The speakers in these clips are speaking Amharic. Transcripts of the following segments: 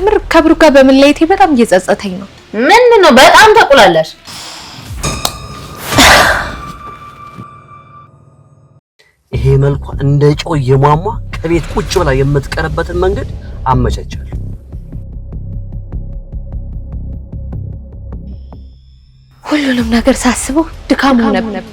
ከምር ከብሩ ጋር በመለየቴ በጣም እየጸጸተኝ ነው። ምን ነው በጣም ተቁላለሽ። ይሄ መልኳ እንደ ጨው የሟሟ ከቤት ቁጭ ብላ የምትቀርበትን መንገድ አመቻቻለሁ። ሁሉንም ነገር ሳስበው ድካም ሆነብኝ።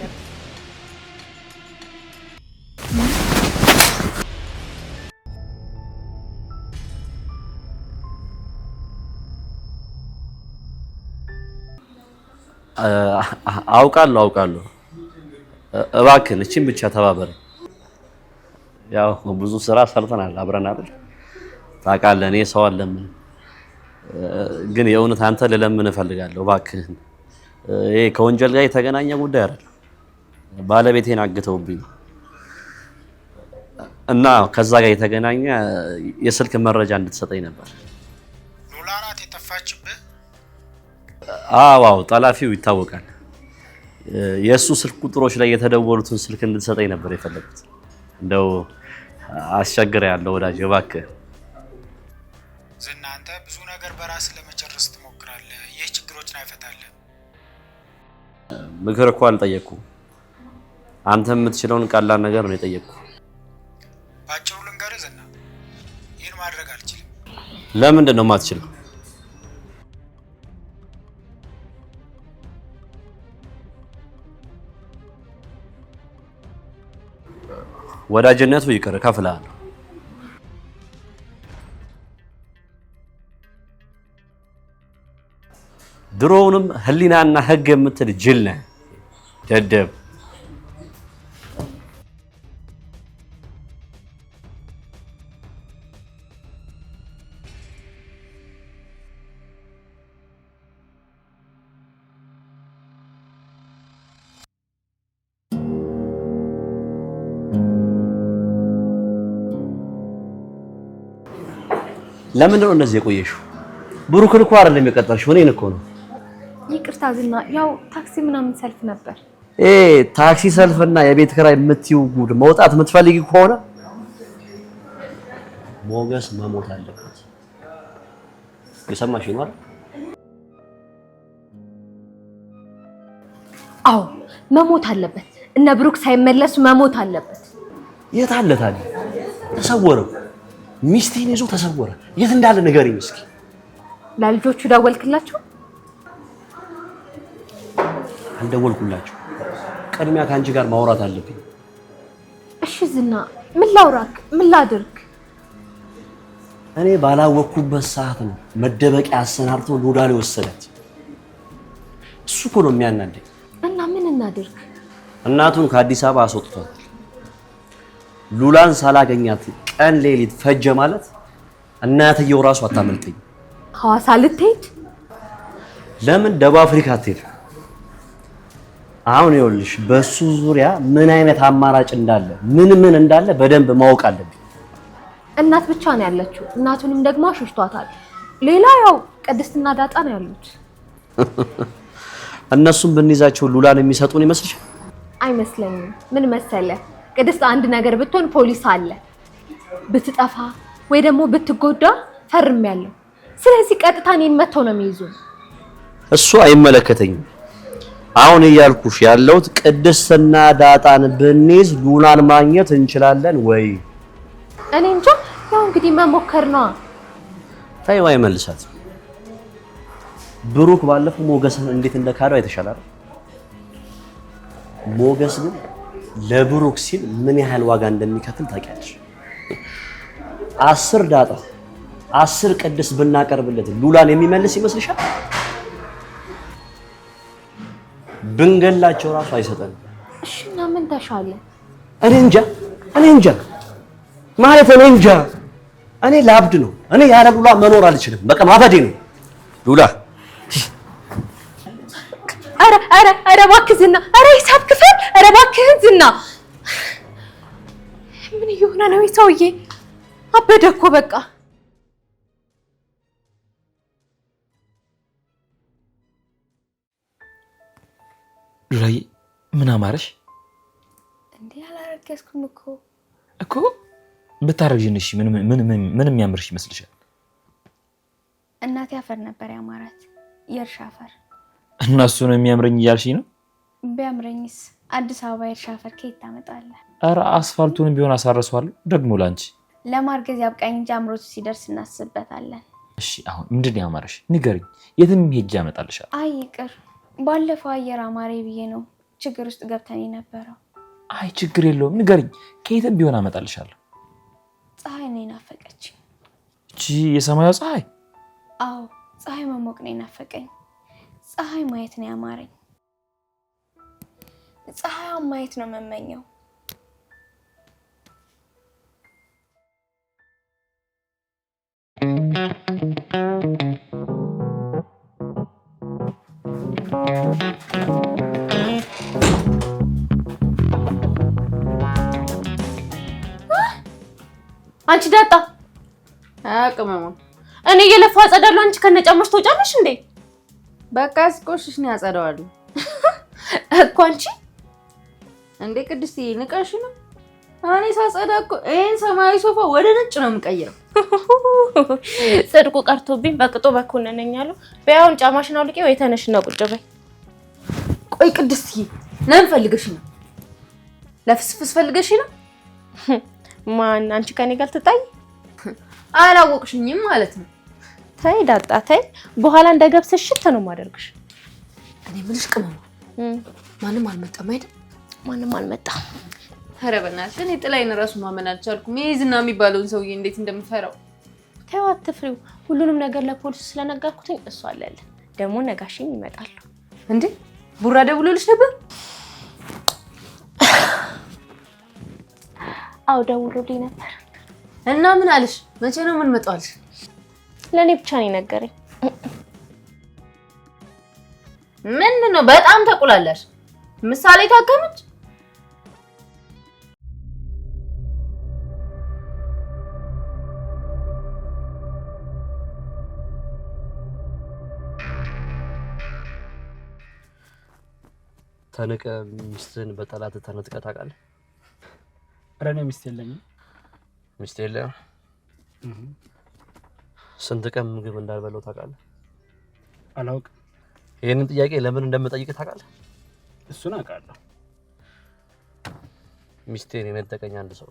አውቃለሁ አውቃለሁ። እባክን እቺን ብቻ ተባበረ። ያው ብዙ ስራ ሰርተናል አብረን አይደል? ታውቃለህ፣ እኔ ሰው አለምን ግን የእውነት አንተ ልለምን እፈልጋለሁ እባክህን። ይሄ ከወንጀል ጋር የተገናኘ ጉዳይ አይደል? ባለቤቴን አግተውብኝ እና ከዛ ጋር የተገናኘ የስልክ መረጃ እንድትሰጠኝ ነበር። አዎ ጠላፊው ይታወቃል። የእሱ ስልክ ቁጥሮች ላይ የተደወሉትን ስልክ እንድትሰጠኝ ነበር የፈለጉት። እንደው አስቸግረ ያለው ወዳጅ እባክህ ዝና፣ አንተ ብዙ ነገር በራስ ለመጨረስ ትሞክራለህ። ይህ ችግሮችን አይፈታልህም። ምክር እኮ አልጠየቅኩም። አንተ የምትችለውን ቀላል ነገር ነው የጠየቅኩህ። ባጭሩ ልንገርህ ዝና፣ ይህን ማድረግ አልችልም። ለምንድን ነው የማትችለው? ወዳጅነቱ ይቅር ከፍላል ድሮውንም ህሊናና ህግ የምትል ጅል ነህ፣ ደደብ ለምንድን ነው እንደዚህ የቆየሽው? ብሩክን እኮ አይደለም የቀጠርሽው እኔን እኮ ነው። ይቅርታ ዝና፣ ያው ታክሲ ምናምን ሰልፍ ነበር። ኤ ታክሲ ሰልፍና የቤት ኪራይ የምትይው ጉድ መውጣት የምትፈልጊ ከሆነ ሞገስ መሞት አለበት። የሰማሽ ነው? አዎ መሞት አለበት። እነ ብሩክ ሳይመለሱ መሞት አለበት። የት አለ ተሰወረው ሚስቴን ይዞ ተሰወረ። የት እንዳለ ነገር እስኪ። ለልጆቹ ደወልክላቸው? አልደወልኩላቸው። ቅድሚያ ከአንቺ ጋር ማውራት አለብኝ። እሺ ዝና፣ ምን ላውራክ? ምን ላድርግ? እኔ ባላወቅኩበት ሰዓት ነው መደበቂያ ሉዳ ላይ የወሰዳት። እሱ እኮ ነው የሚያናደኝ። እና ምን እናድርግ? እናቱን ከአዲስ አበባ አስወጥቷል። ሉላን ሳላገኛት ቀን ሌሊት ፈጀ ማለት እናትየው ራሱ አታመልጠኝ። ሐዋሳ ልትሄድ ለምን ደቡብ አፍሪካ ትሄድ? አሁን ይኸውልሽ በሱ ዙሪያ ምን አይነት አማራጭ እንዳለ ምን ምን እንዳለ በደንብ ማወቅ አለብኝ። እናት ብቻ ነው ያለችው። እናቱንም ደግሞ አሾሽቷታል። ሌላ ያው ቅድስትና ዳጣ ነው ያሉት። እነሱም ብንይዛቸው ሉላን የሚሰጡን ይመስልሻል? አይመስለኝም። ምን መሰለ ቅድስት አንድ ነገር ብትሆን ፖሊስ አለ። ብትጠፋ ወይ ደግሞ ብትጎዳ ፈርም ያለው ስለዚህ ቀጥታ እኔን መተው ነው የሚይዙ። እሱ አይመለከተኝም። አሁን እያልኩሽ ያለሁት ቅድስትና ዳጣን ብንይዝ ሉናን ማግኘት እንችላለን ወይ? እኔ እንጃ። ያው እንግዲህ መሞከር ነዋ። ታይዋ ይመልሳት። ብሩክ ባለፈው ሞገስን እንዴት እንደካደው አይተሻላል። ሞገስ ግን ለብሩክ ሲል ምን ያህል ዋጋ እንደሚከፍል ታውቂያለሽ? አስር ዳጣ አስር ቅድስ ብናቀርብለት ሉላን የሚመልስ ይመስልሻል? ብንገላቸው ራሱ አይሰጠንም። እሺ እና ምን ተሻለ? እኔ እንጃ እኔ እንጃ ማለት እኔ እንጃ እኔ ላብድ ነው። እኔ ያለ ሉላ መኖር አልችልም። በቃ ማፈዴ ነው ሉላ ኧረ ኧረ ኧረ እባክህ ዝና፣ ኧረ ሂሳብ ክፍል፣ ኧረ እባክህን ዝና። ምን እየሆነ ነው ሰውዬ? አበደ እኮ በቃ። ዱራዬ ምን አማረሽ እንዴ? አላረገዝኩም እኮ እኮ ብታረግዥን፣ እሺ ምን የሚያምርሽ ይመስልሻል? እናቴ አፈር ነበር ያማራት፣ የእርሻ አፈር እነሱ ነው የሚያምረኝ እያልሽኝ ነው? ቢያምረኝስ አዲስ አበባ የእርሻ አፈር ከየት ታመጣለህ? ኧረ አስፋልቱንም ቢሆን አሳረሰዋለሁ። ደግሞ ላንቺ ለማርገዝ ያብቃኝ እንጂ አምሮቱ ሲደርስ እናስብበታለን። እሺ አሁን ምንድን ያማረሽ? ንገርኝ። የትም ሄጅ አመጣልሻለሁ። አይ ይቅር፣ ባለፈው አየር አማሬ ብዬ ነው ችግር ውስጥ ገብተን የነበረው። አይ ችግር የለውም ንገርኝ፣ ከየትም ቢሆን አመጣልሻለሁ። ፀሐይ ነው የናፈቀችኝ። እቺ የሰማዩ ፀሐይ? አዎ ፀሐይ መሞቅ ነው የናፈቀኝ። ፀሐይ ማየት ነው ያማረኝ። ፀሐይዋን ማየት ነው የምመኘው። አንቺ ዳጣ አቅመማ እኔ እየለፋ አጸዳለሁ፣ አንቺ ከነጫማሽ ተውጫለሽ እንዴ? በቃ ስቆሽሽ ነው ያጸደዋሉ እኮ አንቺ እንዴ ቅድስት ንቀሽ ነው እኔ ሳጸዳ እኮ ይህን ሰማያዊ ሶፋ ወደ ነጭ ነው የምቀይረው ጽድቁ ቀርቶብኝ በቅጡ በኩነነኝ በያሁን በያውን ጫማሽን አውልቄ ወይ ተነሽና ቁጭ በይ ቆይ ቅድስት ለምን ፈልገሽ ነው ለፍስፍስ ፈልገሽ ነው ማን አንቺ ከኔ ጋር ትጣይ አላወቅሽኝም ማለት ነው ተይ ዳጣ ተይ፣ በኋላ እንደ ገብስ ሽት ነው የማደርግሽ። እኔ የምልሽ ቅመማ ማንም አልመጣም አይደል? ማንም አልመጣም። ኧረ በእናትሽ እኔ ጥላዬን እራሱ ማመን አልቻልኩም። ይሄ የሚባለውን ሰውዬ እንዴት እንደምፈራው። ተይው አትፍሪው። ሁሉንም ነገር ለፖሊሱ ስለነገርኩትኝ እሱ አለልን። ደግሞ ነጋሽኝ ይመጣሉ። እንዴ ቡራ ደውሎልሽ ነበር? አው ደውሎልኝ ነበር። እና ምን አለሽ? መቼ ነው ምን መጣልሽ? ለእኔ ብቻ ነው የነገረኝ። ምንድን ነው? በጣም ተቁላለሽ። ምሳሌ ታከመች። ተንቀ ሚስትህን በጠላት ተነጥቀ ታውቃለህ? ኧረ እኔ ሚስት የለኝም። ሚስት የለኝም ስንት ቀን ምግብ እንዳልበለው ታውቃለህ? አላውቅም። ይህንን ጥያቄ ለምን እንደምጠይቅ ታውቃለህ? እሱን አውቃለሁ። ሚስቴን የነጠቀኝ አንድ ሰው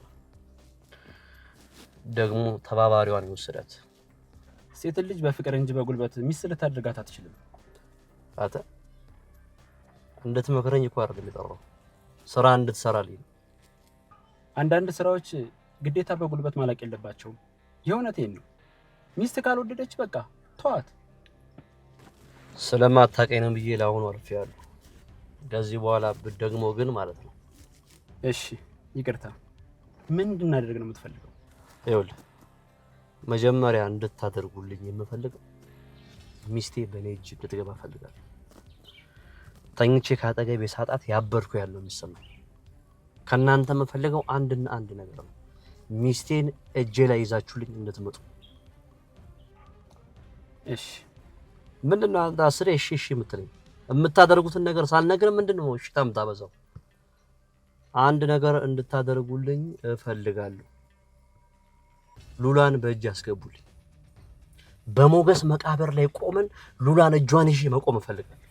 ደግሞ ተባባሪዋን የወሰዳት። ሴት ልጅ በፍቅር እንጂ በጉልበት ሚስት ልታደርጋት አትችልም። አንተ እንድትመክረኝ እኮ አይደል የጠራው፣ ስራ እንድትሰራልኝ። አንዳንድ ስራዎች ግዴታ በጉልበት ማለቅ የለባቸውም። የእውነቴን ነው። ሚስት ካልወደደች በቃ ተዋት። ስለማታውቀኝ ነው ብዬ ለአሁኑ አልፌያለሁ። ከዚህ በኋላ ደግሞ ግን ማለት ነው። እሺ ይቅርታ። ምን እንድናደርግ ነው የምትፈልገው? ይኸውልህ መጀመሪያ እንድታደርጉልኝ የምፈልገው ሚስቴ በእኔ እጅ እንድትገባ እፈልጋለሁ። ተኝቼ ከአጠገቤ ሳጣት ያበርኩ ያለው የሚሰማኝ ከእናንተ የምፈልገው አንድና አንድ ነገር ነው። ሚስቴን እጄ ላይ ይዛችሁልኝ እንድትመጡ እሺ ምንድን ነው አንተ አስሬ እሺ እሺ የምትለኝ? የምታደርጉትን ነገር ሳልነግር ምንድን ነው እሺ ታምታበዛው? አንድ ነገር እንድታደርጉልኝ እፈልጋለሁ። ሉላን በእጅ አስገቡልኝ። በሞገስ መቃብር ላይ ቆመን ሉላን እጇን ይዤ መቆም እፈልጋለሁ።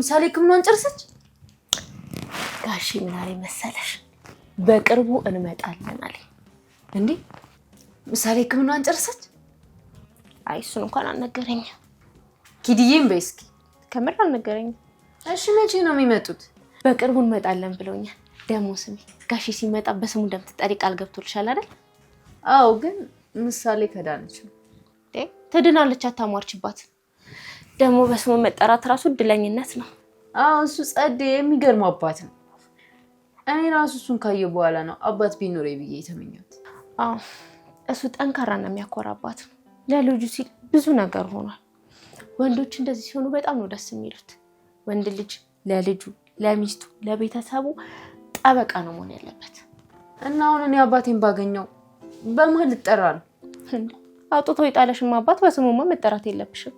ምሳሌ ሕክምናን ጨርሰች። ጋሺ ምን አለኝ መሰለሽ? በቅርቡ እንመጣለን አለኝ። እንዴ ምሳሌ ሕክምናን ጨርሰች? አይ እሱን እንኳን አልነገረኝም። ኪድዬም በይ እስኪ ከምር አልነገረኝም። እሺ መቼ ነው የሚመጡት? በቅርቡ እንመጣለን ብለውኛል። ደግሞ ጋሺ ሲመጣ በስሙ እንደምትጠሪ ቃል ገብቶልሻል አይደል? አዎ ግን ምሳሌ ከዳነች ትድናለች። አታሟርችባት ደግሞ በስሙ መጠራት ራሱ እድለኝነት ነው። አዎ እሱ ጸዴ የሚገርሙ አባት ነው። እኔ ራሱ እሱን ካየሁ በኋላ ነው አባት ቢኖረ ብዬ የተመኘሁት። አዎ እሱ ጠንካራና የሚያኮራ አባት ነው። ለልጁ ሲል ብዙ ነገር ሆኗል። ወንዶች እንደዚህ ሲሆኑ በጣም ነው ደስ የሚሉት። ወንድ ልጅ ለልጁ፣ ለሚስቱ፣ ለቤተሰቡ ጠበቃ ነው መሆን ያለበት እና አሁን እኔ አባቴን ባገኘው በማን ልጠራ ነው? አውጥቶ የጣለሽም አባት በስሙማ መጠራት የለብሽም።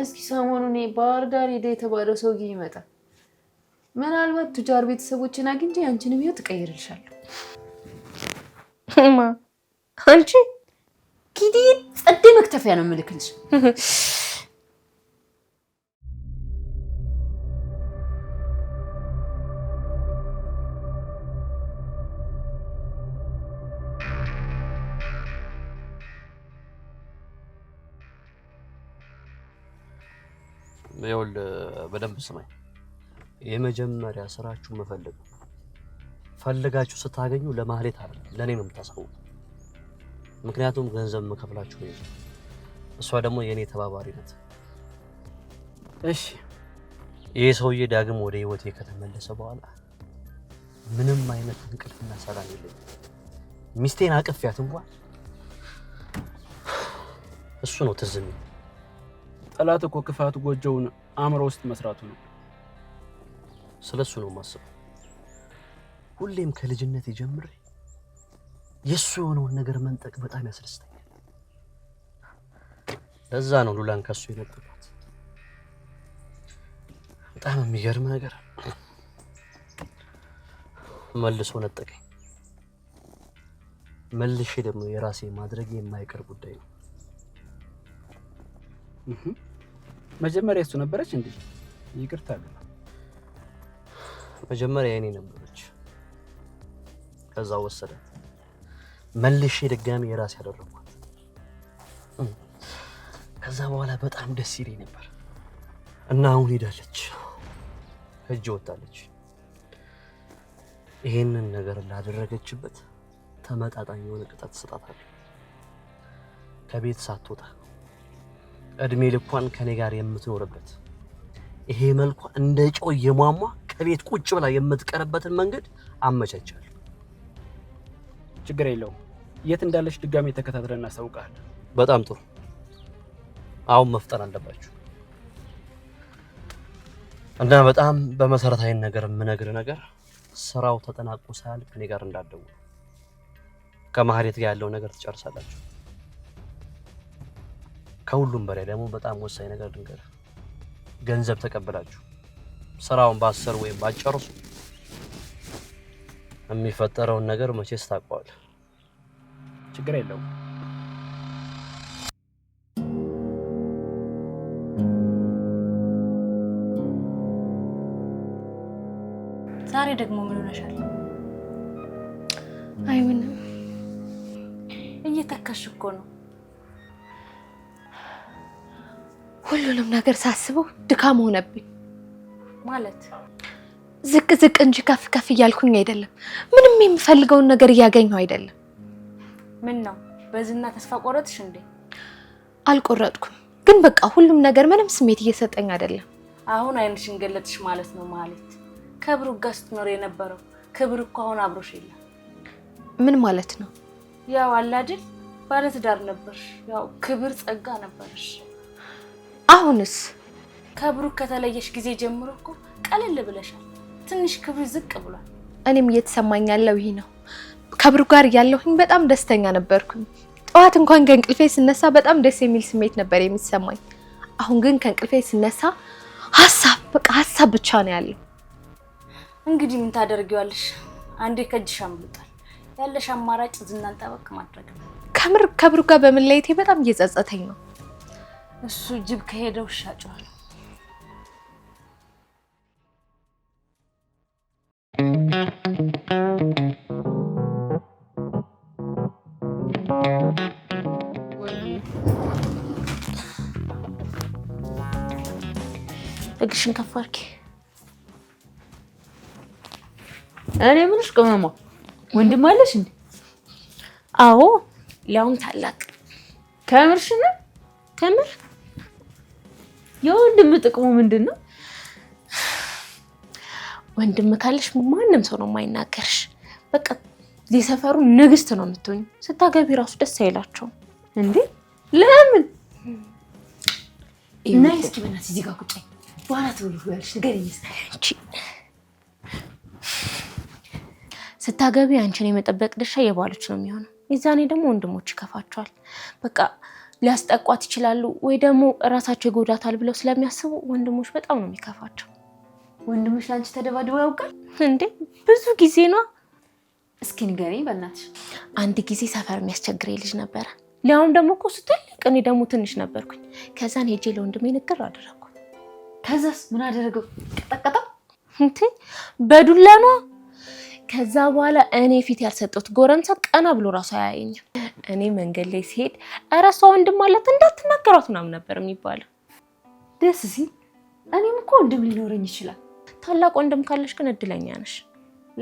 እስኪ ሰሞኑን ባህር ዳር ሄደ የተባለው ሰውዬ ይመጣል። ምናልባት ቱጃር ቤተሰቦችን አግኝቼ አንቺንም ህይወት እቀይርልሻለሁ። አንቺ ኪዲ ጸደ መክተፊያ ነው የምልክልሽ። ይኸውልህ በደንብ ስማኝ። የመጀመሪያ ስራችሁ መፈለግ ፈልጋችሁ ስታገኙ ለማህሌት አይደለም ለእኔ ነው የምታሳውቁ። ምክንያቱም ገንዘብ መከፍላችሁ ነው። እሷ ደግሞ የእኔ ተባባሪ ናት። እሺ፣ ይህ ሰውዬ ዳግም ወደ ህይወቴ ከተመለሰ በኋላ ምንም አይነት እንቅልፍና ሰላም የለኝም። ሚስቴን አቅፍያት እንኳን እሱ ነው ትዝ የሚል ጠላት እኮ ክፋት ጎጆውን አእምሮ ውስጥ መስራቱ ነው። ስለሱ ነው የማስበው። ሁሌም ከልጅነት ጀምሬ የሱ የሆነውን ነገር መንጠቅ በጣም ያስደስተኛል። ለዛ ነው ሉላን ከሱ የነጠቃት። በጣም የሚገርም ነገር መልሶ ነጠቀኝ። መልሼ ደግሞ የራሴ ማድረግ የማይቀር ጉዳይ ነው። መጀመሪያ እሱ ነበረች እንዴ? ይቅርታ አለ። መጀመሪያ የኔ ነበረች፣ ከዛ ወሰደ። መልሼ ድጋሚ የራስ ያደረኳት። ከዛ በኋላ በጣም ደስ ይለኝ ነበር እና አሁን ሄዳለች፣ እጅ ወጣለች። ይሄንን ነገር ላደረገችበት ተመጣጣኝ የሆነ ቅጣት ስጣታለሁ። ከቤት ሳትወጣ እድሜ ልኳን ከኔ ጋር የምትኖርበት ይሄ መልኳ እንደ ጨው የሟሟ ከቤት ቁጭ ብላ የምትቀርበትን መንገድ አመቻቻለሁ። ችግር የለውም። የት እንዳለች ድጋሜ ተከታትለን እናሳውቃለን። በጣም ጥሩ። አሁን መፍጠን አለባችሁ እና በጣም በመሰረታዊ ነገር የምነግር ነገር ስራው ተጠናቆ ሳያልቅ እኔ ጋር እንዳደው ከማህሌት ጋር ያለው ነገር ትጨርሳላችሁ። ከሁሉም በላይ ደግሞ በጣም ወሳኝ ነገር ድንገር ገንዘብ ተቀብላችሁ ስራውን ባሰር ወይም ባጨርሱ የሚፈጠረውን ነገር መቼስ ታውቀዋለህ። ችግር የለው ዛሬ ደግሞ ምን ሆነሻል? አይሆንም፣ እየተካሽ እኮ ነው ሁሉንም ነገር ሳስበው ድካም ሆነብኝ። ማለት ዝቅ ዝቅ እንጂ ከፍ ከፍ እያልኩኝ አይደለም። ምንም የምፈልገውን ነገር እያገኘው አይደለም። ምን ነው በዝና ተስፋ ቆረጥሽ እንዴ? አልቆረጥኩም፣ ግን በቃ ሁሉም ነገር ምንም ስሜት እየሰጠኝ አይደለም። አሁን አይንሽን ገለጥሽ ማለት ነው። ማለት ከብሩ ጋር ስትኖር የነበረው ክብር እኮ አሁን አብሮሽ የለም። ምን ማለት ነው? ያው አላድል ባለትዳር ነበርሽ፣ ያው ክብር ጸጋ ነበርሽ አሁንስ ከብሩክ ከተለየሽ ጊዜ ጀምሮ እኮ ቀለል ብለሻል። ትንሽ ክብር ዝቅ ብሏል። እኔም እየተሰማኝ ያለው ይህ ነው። ከብሩክ ጋር እያለሁኝ በጣም ደስተኛ ነበርኩኝ። ጠዋት እንኳን ከእንቅልፌ ስነሳ በጣም ደስ የሚል ስሜት ነበር የሚሰማኝ። አሁን ግን ከእንቅልፌ ስነሳ ሀሳብ በቃ ሀሳብ ብቻ ነው ያለው። እንግዲህ ምን ታደርጊዋለሽ? አንዴ ከእጅሽ አምልጧል። ያለሽ አማራጭ ዝናን ጠበቅ ማድረግ ነው። ከምር ከብሩክ ጋር በመለየቴ በጣም እየጸጸተኝ ነው። እሱ ጅብ ከሄደ ውሻ ጮኸ እግርሽን ከፍ አድርጊ። እኔ ምንሽ ቅመሟ ወንድም አለሽ እንዴ? አዎ፣ ሊያውም ታላቅ። ከምርሽ ነው? ከምር የወንድም ጥቅሙ ምንድን ነው? ወንድም ካለሽ ማንም ሰው ነው የማይናገርሽ። በቃ የሰፈሩ ንግስት ነው የምትሆኝ። ስታገቢ ራሱ ደስ አይላቸውም እንዴ? ለምን እና እስኪ በእናትሽ እዚህ ጋር ቁጭ በኋላ ትብሉ ያለሽ ነገር ስታገቢ አንቺን የመጠበቅ ድርሻ የባሎች ነው የሚሆነው። የዛኔ ደግሞ ወንድሞች ይከፋቸዋል። በቃ ሊያስጠቋት ይችላሉ ወይ ደግሞ እራሳቸው ይጎዳታል ብለው ስለሚያስቡ ወንድሞች በጣም ነው የሚከፋቸው። ወንድሞች ለአንቺ ተደባድበው ያውቃል እንዴ? ብዙ ጊዜ ነው። እስኪ ንገሪኝ በእናትሽ። አንድ ጊዜ ሰፈር የሚያስቸግር ልጅ ነበረ። ሊያውም ደግሞ እኮ እሱ ትልቅ፣ እኔ ደግሞ ትንሽ ነበርኩኝ። ከዛን ሄጄ ለወንድሜ ንግር አደረግኩ። ከዛስ ምን አደረገው? ቀጠቀጠው እንዴ? በዱላ ነዋ። ከዛ በኋላ እኔ ፊት ያልሰጠሁት ጎረምሳ ቀና ብሎ ራሱ አያየኝም። እኔ መንገድ ላይ ሲሄድ እረ እሷ ወንድም አላት እንዳትናገሯት ምናምን ነበር የሚባለው። ደስ ሲል እኔም እኮ ወንድም ሊኖረኝ ይችላል። ታላቅ ወንድም ካለሽ ግን እድለኛ ነሽ።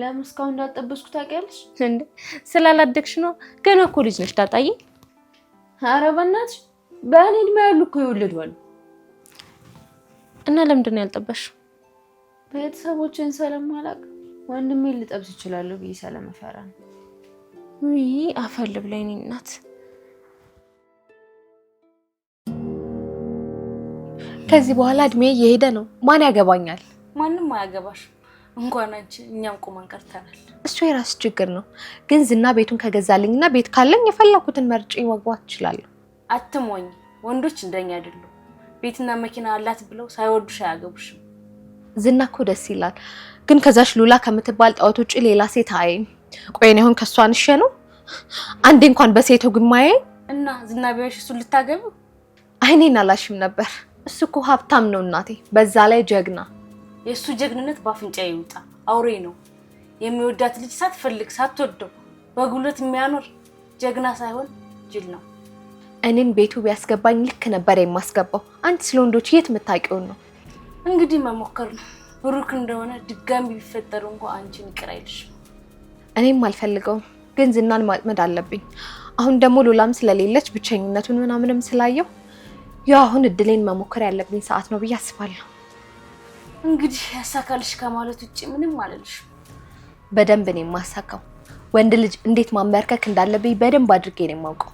ለምን እስካሁን እንዳጠበስኩ ታውቂያለሽ? እንደ ስላላደግሽ ነው። ገና እኮ ልጅ ነሽ ታጣይ። ኧረ በእናትሽ በእኔ እድሜ ያሉ እኮ ይወለዷሉ። እና ለምንድን ነው ያልጠበስሽው? ቤተሰቦቼን ስለማላውቅ ወንድሜን ልጠብስ እችላለሁ ብዬ ስለመፈራ ነው። ውይ አፈል ብላይ እኔ እናት ከዚህ በኋላ እድሜ እየሄደ ነው። ማን ያገባኛል? ማንም አያገባሽ። እንኳን አንቺ እኛም ቁመን ቀርተናል። እሱ የራስ ችግር ነው። ግን ዝና ቤቱን ከገዛልኝና ቤት ካለኝ የፈለኩትን መርጬ መግባት እችላለሁ። አትሞኝ። ወንዶች እንደኛ አይደሉ። ቤትና መኪና አላት ብለው ሳይወዱሽ አያገቡሽም። ዝና እኮ ደስ ይላል። ግን ከዛሽ ሉላ ከምትባል ጣዖት ውጭ ሌላ ሴት አይም ቆይን ይሁን ከሷ አንሼ ነው አንዴ እንኳን በሴቶ ግማዬ እና ዝናቢያሽ እሱን ልታገቢው አይኔን አላሽም ነበር። እሱ እኮ ሀብታም ነው እናቴ፣ በዛ ላይ ጀግና። የእሱ ጀግንነት በአፍንጫ ይውጣ። አውሬ ነው የሚወዳት ልጅ ሳትፈልግ ሳትወደው በጉልበት የሚያኖር ጀግና ሳይሆን ጅል ነው። እኔን ቤቱ ቢያስገባኝ ልክ ነበር የማስገባው። አንቺ ስለ ወንዶች የት የምታውቂውን ነው? እንግዲህ መሞከር ነው። ብሩክ እንደሆነ ድጋሚ ቢፈጠሩ እንኳ አንቺን ይቅር አይልሽም። እኔም አልፈልገውም፣ ግን ዝናን ማጥመድ አለብኝ። አሁን ደግሞ ሉላም ስለሌለች ብቸኝነቱን ምናምንም ስላየው ያው አሁን እድሌን መሞከር ያለብኝ ሰዓት ነው ብዬ አስባለሁ። እንግዲህ ያሳካልሽ ከማለት ውጭ ምንም አለልሽ። በደንብ ኔ የማሳካው። ወንድ ልጅ እንዴት ማንበርከክ እንዳለብኝ በደንብ አድርጌ ነው የማውቀው።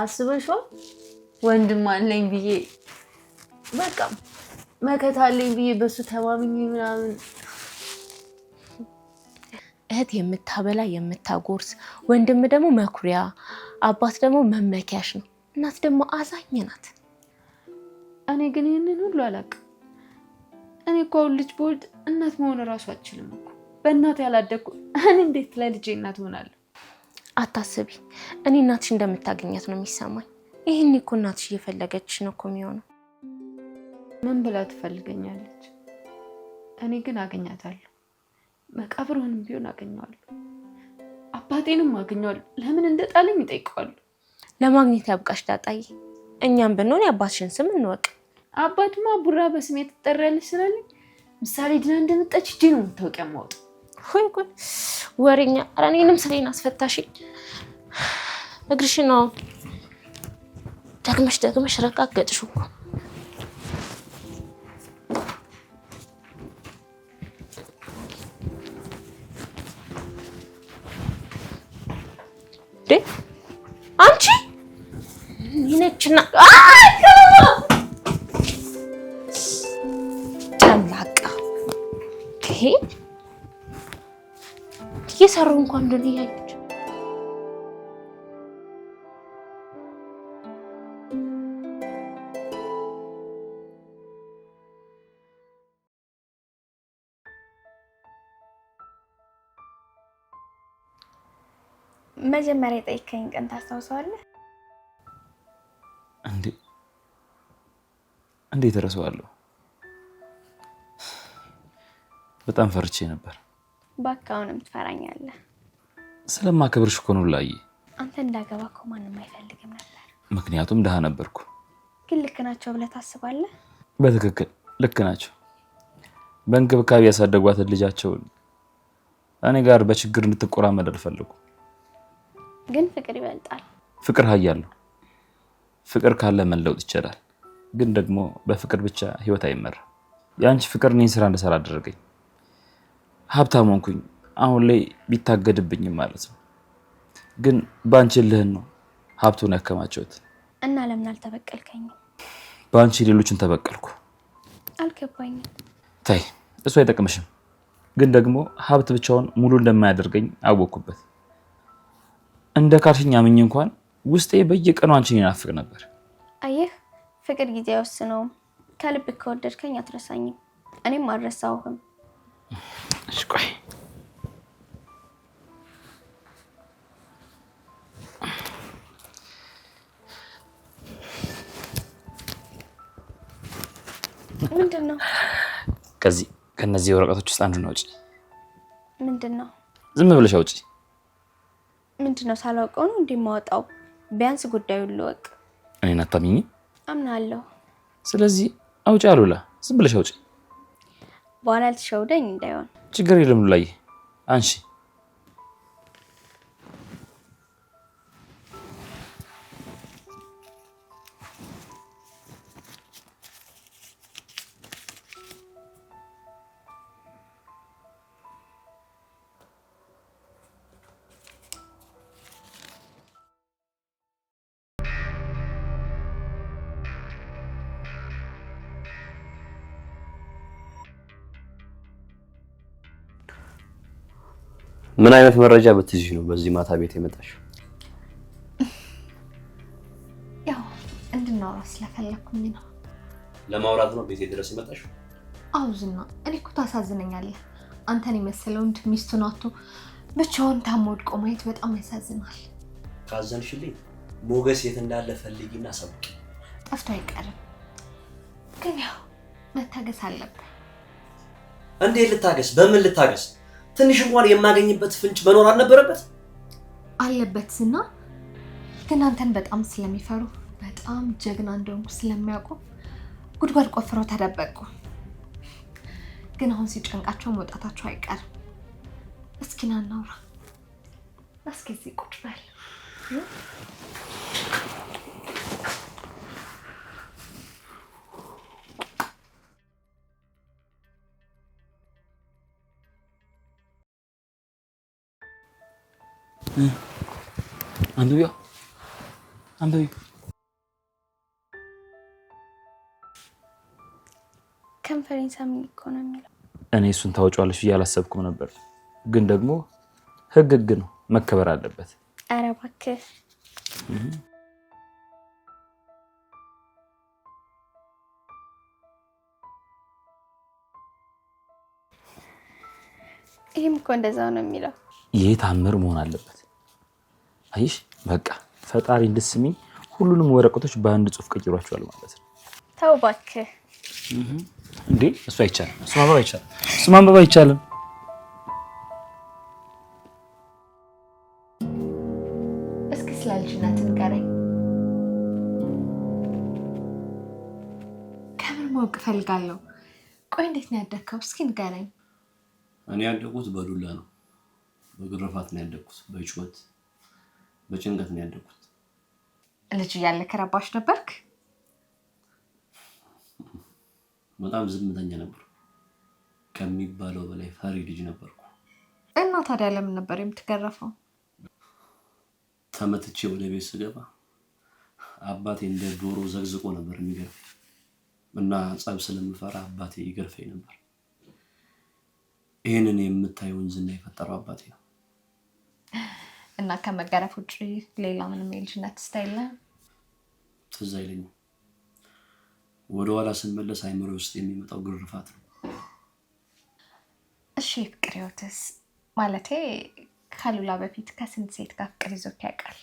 አስበሽው ወንድም አለኝ ብዬ በቃ መከታ አለኝ ብዬ በሱ ተማምኝ ምናምን እህት የምታበላ የምታጎርስ፣ ወንድም ደግሞ መኩሪያ፣ አባት ደግሞ መመኪያሽ ነው። እናት ደግሞ አዛኝ ናት። እኔ ግን ይህንን ሁሉ አላውቅም። እኔ እኮ አሁን ልጅ በወልድ እናት መሆን እራሱ አልችልም እኮ በእናት ያላደግኩ እኔ እንዴት ለልጄ እናት ሆናለሁ? አታስቢ፣ እኔ እናትሽ እንደምታገኛት ነው የሚሰማኝ። ይህን እኮ እናትሽ እየፈለገች ነው እኮ የሚሆነው ምን ብላ ትፈልገኛለች? እኔ ግን አገኛታለሁ። መቃብርንም ቢሆን አገኘዋለሁ። አባቴንም አገኘዋለሁ። ለምን እንደጣለኝ ይጠይቀዋሉ። ለማግኘት ያብቃሽ ዳጣዬ። እኛም ብንሆን የአባትሽን ስም እንወቅ። አባትማ ቡራ በስሜ ትጠሪያለሽ ስላለኝ ምሳሌ ድና እንደመጣች እጄ ነው መታወቂያ ማወጥ። ሆይ ጉድ ወሬኛ! ኧረ እኔንም ስራዬን አስፈታሽኝ። እግርሽ ነው ደግመሽ ደግመሽ ረጋገጥሽ እኮ እየሰሩ እንኳን እንደሆነ እያየች መጀመሪያ የጠይከኝ ቀን ታስታውሰዋለህ እንዴ? እንዴት እረሳዋለሁ? በጣም ፈርቼ ነበር። እባክህ አሁንም ትፈራኛለህ። ስለማከብርሽ እኮ ነው አንተ እንዳገባ እኮ ማንም አይፈልግም ነበር፣ ምክንያቱም ድሃ ነበርኩ። ግን ልክ ናቸው ብለህ ታስባለህ? በትክክል ልክ ናቸው። በእንክብካቤ ያሳደጓትን ልጃቸውን እኔ ጋር በችግር እንድትቆራመድ አልፈልጉም። ግን ፍቅር ይበልጣል። ፍቅር ሀያለሁ። ፍቅር ካለ መለውጥ ይቻላል። ግን ደግሞ በፍቅር ብቻ ህይወት አይመራ። የአንቺ ፍቅር እኔን ስራ እንድሰራ አደረገኝ። ሀብታም ሆንኩኝ። አሁን ላይ ቢታገድብኝም ማለት ነው። ግን በአንቺ ልህን ነው ሀብቱን ያከማቸውት። እና ለምን አልተበቀልከኝም? በአንቺ ሌሎችን ተበቀልኩ። አልገባኝም። ታይ እሱ አይጠቅምሽም። ግን ደግሞ ሀብት ብቻውን ሙሉ እንደማያደርገኝ አወቅኩበት። እንደ ካልሽኝ አምኜ እንኳን ውስጤ በየቀኑ አንቺን ይናፍቅ ነበር። አየህ ፍቅር ጊዜ አይወስነውም። ከልብ ከወደድከኝ አትረሳኝም፣ እኔም አልረሳውህም። ቆይ ምንድን ነው? ከዚህ ከነዚህ ወረቀቶች ውስጥ አንዱ ነው። ውጪ። ምንድን ነው? ዝም ብለሽ ውጪ። ምንድን ነው? ሳላውቀው ነው እንደማወጣው። ቢያንስ ጉዳዩን ልወቅ። እኔን አታምኚኝ? አምናለሁ። ስለዚህ አውጪ። አሉላ ዝም ብለሽ አውጪ። በኋላ ልትሸውደኝ እንዳይሆን። ችግር የለም ሉላዬ፣ አንሺ ምን አይነት መረጃ ብትይዥ ነው በዚህ ማታ ቤት የመጣሽው? ያው እንድናወራ ስለፈለኩኝ ነው። ለማውራት ነው ቤቴ ድረስ የመጣሽው? አዎ ዝና፣ እኔ እኮ ታሳዝነኛለህ። አንተን የመሰለው እንድ ሚስቱን አቶ ብቻውን ታሞ ወድቆ ማየት በጣም ያሳዝናል። ካዘንሽልኝ ሞገስ የት እንዳለ ፈልጊና ሰብቂ። ጠፍቶ አይቀርም ግን ያው መታገስ አለብን። እንዴት ልታገስ? በምን ልታገስ? ትንሽ እንኳን የማገኝበት ፍንጭ መኖር አልነበረበት አለበት እና እናንተን በጣም ስለሚፈሩ በጣም ጀግና እንደሆንኩ ስለሚያውቁ ጉድጓድ ቆፍረው ተደበቁ። ግን አሁን ሲጨንቃቸው መውጣታቸው አይቀርም። እስኪ ና እናውራ። እስኪ እዚህ ቁጭ በል። አንብቢዋ አንብቢ። ከንፈሬን ሳምኝ እኮ ነው የሚለው። እኔ እሱን ታወጫዋለሽ ብዬ አላሰብኩም ነበር፣ ግን ደግሞ ህግ ህግ ነው መከበር አለበት። ኧረ እባክህ ይህም እኮ እንደዛው ነው የሚለው። ይሄ ታምር መሆን አለበት። አይሽ በቃ ፈጣሪ እንድስሚ ሁሉንም ወረቀቶች በአንድ ጽሁፍ ቀይሯቸዋል ማለት ነው። ተው እባክህ እንዴ! እሱ አይቻልም፣ እሱ ማንበብ አይቻልም፣ እሱ ማንበብ አይቻልም። እስኪ ከምን ማወቅ እፈልጋለሁ? ቆይ እንዴት ነው ያደግከው? እስኪ ንገረኝ። እኔ ያደግኩት በዱላ ነው፣ በግርፋት ነው ያደግኩት በጩኸት በጭንቀት ነው ያደጉት። ልጅ እያለ ከረባሽ ነበርክ? በጣም ዝምተኛ ነበር። ከሚባለው በላይ ፈሪ ልጅ ነበርኩ። እና ታዲያ ለምን ነበር የምትገረፈው? ተመትቼ ወደ ቤት ስገባ አባቴ እንደ ዶሮ ዘግዝቆ ነበር የሚገርፈኝ እና ጸብ ስለምፈራ አባቴ ይገርፈኝ ነበር። ይህንን የምታየውን ዝና የፈጠረው አባቴ ነው። እና ከመገረፍ ውጭ ሌላ ምንም የልጅነት ስታይል ነው ትዝ አይለኝም። ወደኋላ ስንመለስ አይምሮ ውስጥ የሚመጣው ግርፋት ነው። እሺ የፍቅር ህይወትስ? ማለቴ ከሉላ በፊት ከስንት ሴት ጋር ፍቅር ይዞት ያውቃል?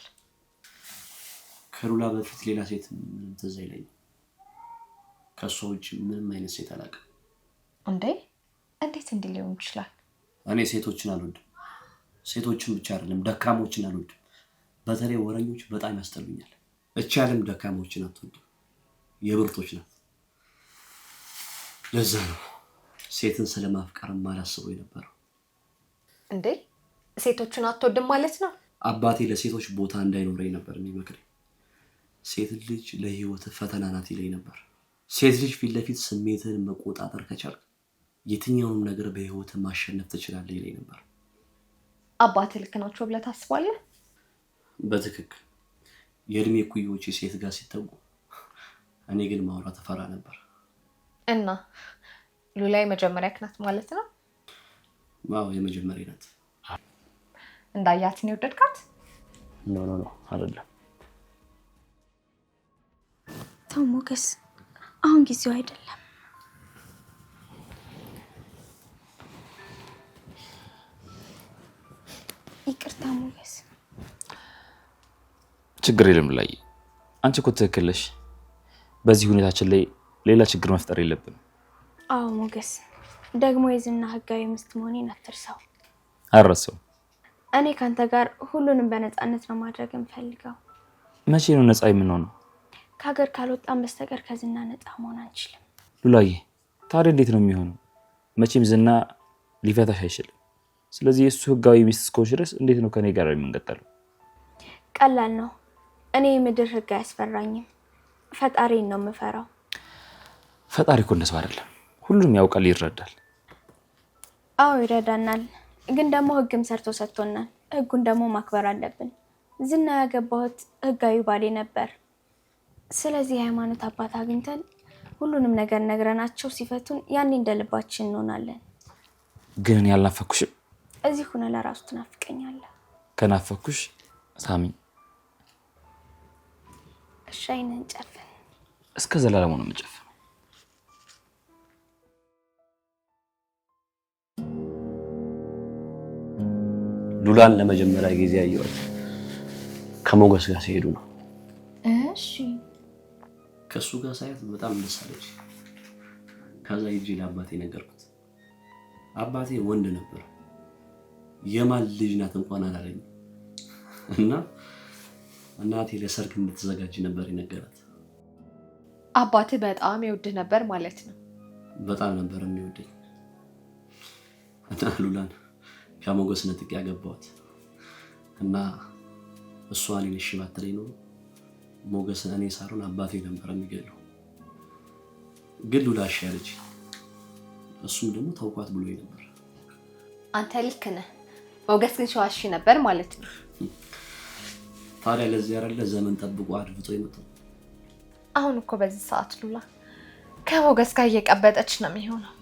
ከሉላ በፊት ሌላ ሴት ምንም ትዝ አይለኝም። ከእሷ ውጭ ምንም አይነት ሴት አላውቅም። እንዴ! እንዴት እንዲህ ሊሆን ይችላል? እኔ ሴቶችን አልወድም። ሴቶችን ብቻ አይደለም፣ ደካሞችን አልወድም። በተለይ ወረኞች በጣም ያስጠሉኛል። እቻለም ደካሞችን አትወድም፣ የብርቶች ናት። ለዛ ነው ሴትን ስለማፍቀር ማላስበው የነበረው። እንዴ ሴቶችን አትወድም ማለት ነው? አባቴ ለሴቶች ቦታ እንዳይኖረኝ ነበር የሚመክረኝ። ሴት ልጅ ለህይወት ፈተና ናት ይለኝ ነበር። ሴት ልጅ ፊት ለፊት ስሜትን መቆጣጠር ከቻልክ የትኛውንም ነገር በህይወት ማሸነፍ ትችላለህ ይለኝ ነበር። አባት ልክ ናቸው ብለህ ታስባለህ? በትክክል የእድሜ ኩዮች ሴት ጋር ሲተጉ፣ እኔ ግን ማውራት እፈራ ነበር። እና ሉላ የመጀመሪያ ክናት ማለት ነው? አዎ የመጀመሪያ ናት። እንዳያትን የወደድካት? ኖ ኖ ኖ አይደለም። ተው ሞገስ፣ አሁን ጊዜው አይደለም። ይቅርታ ሞገስ። ችግር የለም ላይ አንቺ እኮ ትክክል ነሽ። በዚህ ሁኔታችን ላይ ሌላ ችግር መፍጠር የለብንም። አዎ ሞገስ፣ ደግሞ የዝና ህጋዊ ሚስት መሆኔን አትርሳው። አረሰው እኔ ከአንተ ጋር ሁሉንም በነፃነት ነው ማድረግ የምፈልገው። መቼ ነው ነፃ የምንሆነው? ከሀገር ካልወጣን በስተቀር ከዝና ነፃ መሆን አንችልም። ሉላዬ፣ ታዲያ እንዴት ነው የሚሆነው? መቼም ዝና ሊፈታሽ አይችልም። ስለዚህ የእሱ ህጋዊ ሚስት እስከሆንሽ ድረስ እንዴት ነው ከኔ ጋር የምንቀጠለው? ቀላል ነው። እኔ የምድር ህግ አያስፈራኝም። ፈጣሪን ነው የምፈራው። ፈጣሪ እኮ እንደሰው አይደለም። ሁሉንም ያውቃል፣ ይረዳል። አዎ ይረዳናል፣ ግን ደግሞ ህግም ሰርቶ ሰጥቶናል። ህጉን ደግሞ ማክበር አለብን። ዝና ያገባሁት ህጋዊ ባሌ ነበር። ስለዚህ የሃይማኖት አባት አግኝተን ሁሉንም ነገር ነግረናቸው ሲፈቱን ያኔ እንደልባችን እንሆናለን። ግን ያልናፈኩሽም እዚህ ሁነ ለራሱ ትናፍቀኛለህ። ከናፈኩሽ ሳሚ እሻይን እንጨፍን እስከ ዘላለሙ ነው የምጨፍነው። ሉላን ለመጀመሪያ ጊዜ ያየሁት ከሞገስ ጋር ሲሄዱ ነው። እሺ ከእሱ ጋር ሳያት በጣም ደስ አለች። ከዛ ሂጅ ለአባቴ ነገርኩት። አባቴ ወንድ ነበር የማን ልጅ ናት እንኳን አላለኝ እና እናቴ ለሰርግ እንድትዘጋጅ ነበር የነገራት። አባትህ በጣም የውድህ ነበር ማለት ነው? በጣም ነበር የሚወደኝ እና ሉላን ከሞገስ ነጥቅ ያገባዋት እና እሷ እኔን እሺ ባትለኝ ኖሮ ሞገስ እኔ ሳሩን አባቴ ነበር የሚገለው። ግን ሉላ እሺ አለች። እሱም ደግሞ ተውኳት ብሎኝ ነበር። አንተ ልክ ነህ። ሞገስ ግን ሸዋሺ ነበር ማለት ነው። ታዲያ ለዚህ ያለ ዘመን ጠብቆ አድብቶ ይመጣል። አሁን እኮ በዚህ ሰዓት ሉላ ከሞገስ ጋር እየቀበጠች ነው የሚሆነው።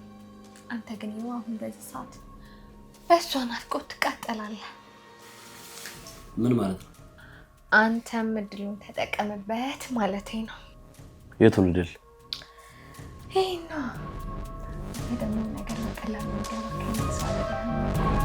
አንተ ግን አሁን በዚህ ሰዓት በእሷ ናፍቆት ትቃጠላለህ። ምን ማለት ነው? አንተም እድሉን ተጠቀምበት ማለት ነው። የቱን እድል? ይህ ነው ደግሞ ነገር በቀላሉ ነገር